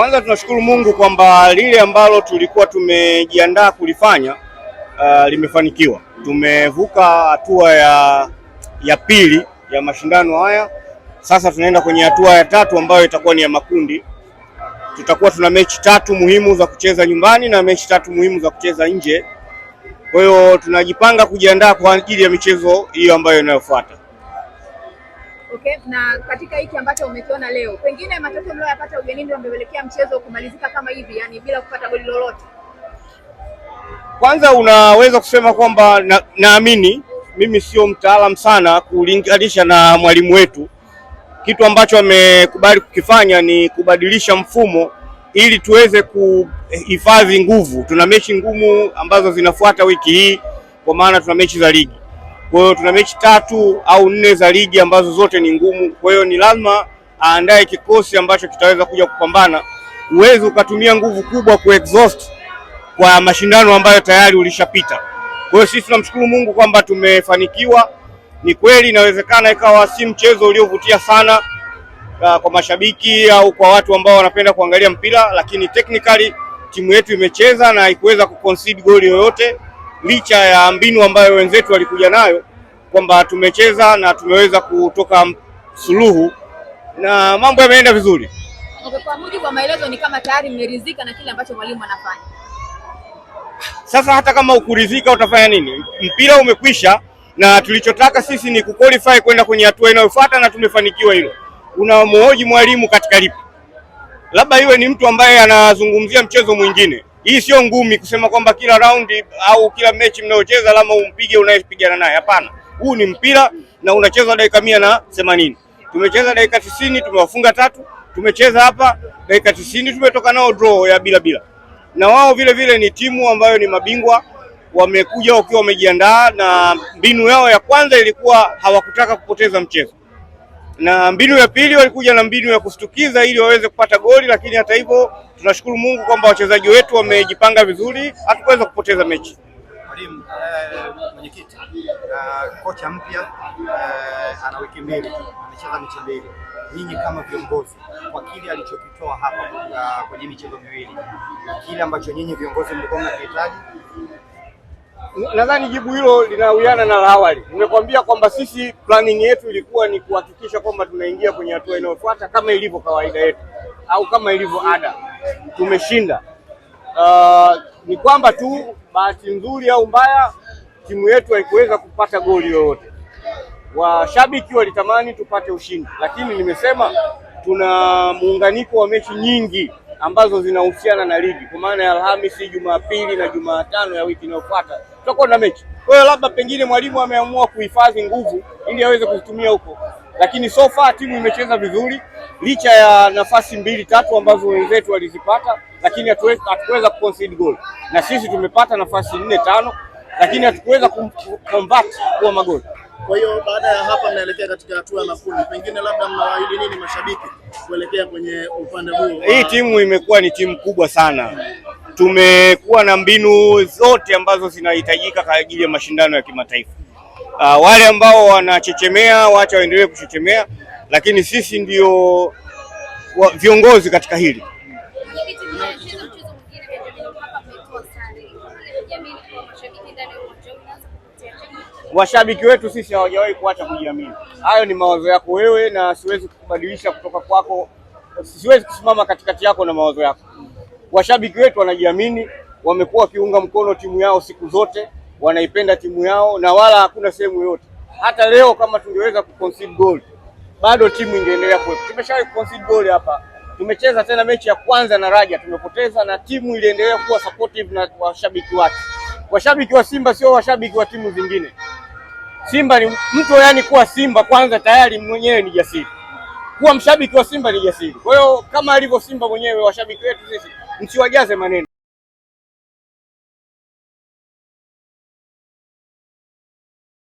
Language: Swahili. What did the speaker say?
Kwanza tunashukuru Mungu kwamba lile ambalo tulikuwa tumejiandaa kulifanya uh, limefanikiwa. Tumevuka hatua ya, ya pili ya mashindano haya, sasa tunaenda kwenye hatua ya tatu ambayo itakuwa ni ya makundi. Tutakuwa tuna mechi tatu muhimu za kucheza nyumbani na mechi tatu muhimu za kucheza nje. Kwa hiyo tunajipanga kujiandaa kwa ajili ya michezo hiyo ambayo inayofuata. Okay, na katika hiki ambacho umekiona leo, pengine matokeo mlioyapata ugenini ndio yamepelekea mchezo kumalizika kama hivi, yani bila kupata goli lolote. Kwanza unaweza kusema kwamba naamini na mimi sio mtaalamu sana kulinganisha na mwalimu wetu. Kitu ambacho amekubali kukifanya ni kubadilisha mfumo ili tuweze kuhifadhi nguvu. Tuna mechi ngumu ambazo zinafuata wiki hii, kwa maana tuna mechi za ligi kwa hiyo tuna mechi tatu au nne za ligi ambazo zote ni ngumu, kwa hiyo ni lazima aandae kikosi ambacho kitaweza kuja kupambana. uwezi ukatumia nguvu kubwa ku exhaust kwa mashindano ambayo tayari ulishapita. Kwa hiyo sisi tunamshukuru Mungu kwamba tumefanikiwa. Ni kweli inawezekana ikawa si mchezo uliovutia sana ah, kwa mashabiki au kwa watu ambao wanapenda kuangalia mpira, lakini technically timu yetu imecheza na haikuweza kuconcede goli yoyote licha ya mbinu ambayo wenzetu walikuja nayo kwamba tumecheza na tumeweza kutoka suluhu na mambo yameenda vizuri. Kwa mujibu wa maelezo ni kama tayari mmeridhika na kile ambacho mwalimu anafanya. Sasa hata kama ukuridhika utafanya nini? Mpira umekwisha na tulichotaka sisi ni kuqualify kwenda kwenye hatua inayofuata na tumefanikiwa hilo. Unamhoji mwalimu katika lipi? Labda iwe ni mtu ambaye anazungumzia mchezo mwingine hii sio ngumi kusema kwamba kila raundi au kila mechi mnayocheza lama umpige unayepigana naye. Hapana, huu ni mpira na unachezwa dakika mia na themanini. Tumecheza dakika tisini tumewafunga tatu, tumecheza hapa dakika tisini tumetoka nao draw ya bila bila, na wao vile vile ni timu ambayo ni mabingwa, wamekuja wakiwa wamejiandaa, na mbinu yao ya kwanza ilikuwa hawakutaka kupoteza mchezo na mbinu ya pili walikuja na mbinu ya kushtukiza ili waweze kupata goli, lakini hata hivyo tunashukuru Mungu kwamba wachezaji wetu wamejipanga vizuri, hatukuweza kupoteza mechi. Mwalimu eh, mwenyekiti eh, kocha mpya eh, ana wiki mbili, amecheza mechi mbili. Nyinyi kama viongozi, kwa kile alichokitoa hapa eh, kwenye michezo miwili, kile ambacho nyinyi viongozi mlikuwa mnakihitaji Nadhani jibu hilo linawiana na la awali. Nimekuambia kwamba sisi planning yetu ilikuwa ni kuhakikisha kwamba tunaingia kwenye hatua inayofuata kama ilivyo kawaida yetu au kama ilivyo ada. Tumeshinda. Uh, ni kwamba tu bahati nzuri au mbaya, timu yetu haikuweza kupata goli lolote. Washabiki walitamani tupate ushindi, lakini nimesema tuna muunganiko wa mechi nyingi ambazo zinahusiana na ligi, kwa maana ya Alhamisi, Jumapili na Jumatano ya wiki inayofuata tutakuwa na mechi. Kwa hiyo labda pengine mwalimu ameamua kuhifadhi nguvu ili aweze kuzitumia huko, lakini so far timu imecheza vizuri licha ya nafasi mbili tatu ambazo wenzetu walizipata, lakini hatukuweza kuconcede goal, na sisi tumepata nafasi nne tano, lakini hatukuweza kuconvert kuwa magoli. Kwa hiyo baada ya hapa mnaelekea katika hatua ya makundi, pengine labda mnawaahidi nini mashabiki kuelekea kwenye upande huo? Hii timu imekuwa ni timu kubwa sana, tumekuwa na mbinu zote ambazo zinahitajika kwa ajili ya mashindano ya kimataifa. Uh, wale ambao wanachechemea wacha waendelee kuchechemea, lakini sisi ndio wa, viongozi katika hili Washabiki wetu sisi hawajawahi kuacha kujiamini. Hayo ni mawazo yako wewe, na siwezi kubadilisha kutoka kwako, siwezi kusimama katikati yako na mawazo yako. Washabiki wetu wanajiamini, wamekuwa wakiunga mkono timu yao siku zote, wanaipenda timu yao na wala hakuna sehemu yoyote. Hata leo kama tungeweza kuconcede goal bado timu ingeendelea kuwepo. Tumeshawahi kuconcede goal hapa, tumecheza tena mechi ya kwanza na Raja tumepoteza, na timu iliendelea kuwa supportive na washabiki wake. Washabiki wa Simba sio washabiki wa timu zingine. Simba ni mtu, yani kuwa Simba kwanza tayari mwenyewe ni jasiri, kuwa mshabiki wa Simba ni jasiri. Kwa hiyo kama alivyo Simba mwenyewe, washabiki wetu sisi msiwajaze maneno.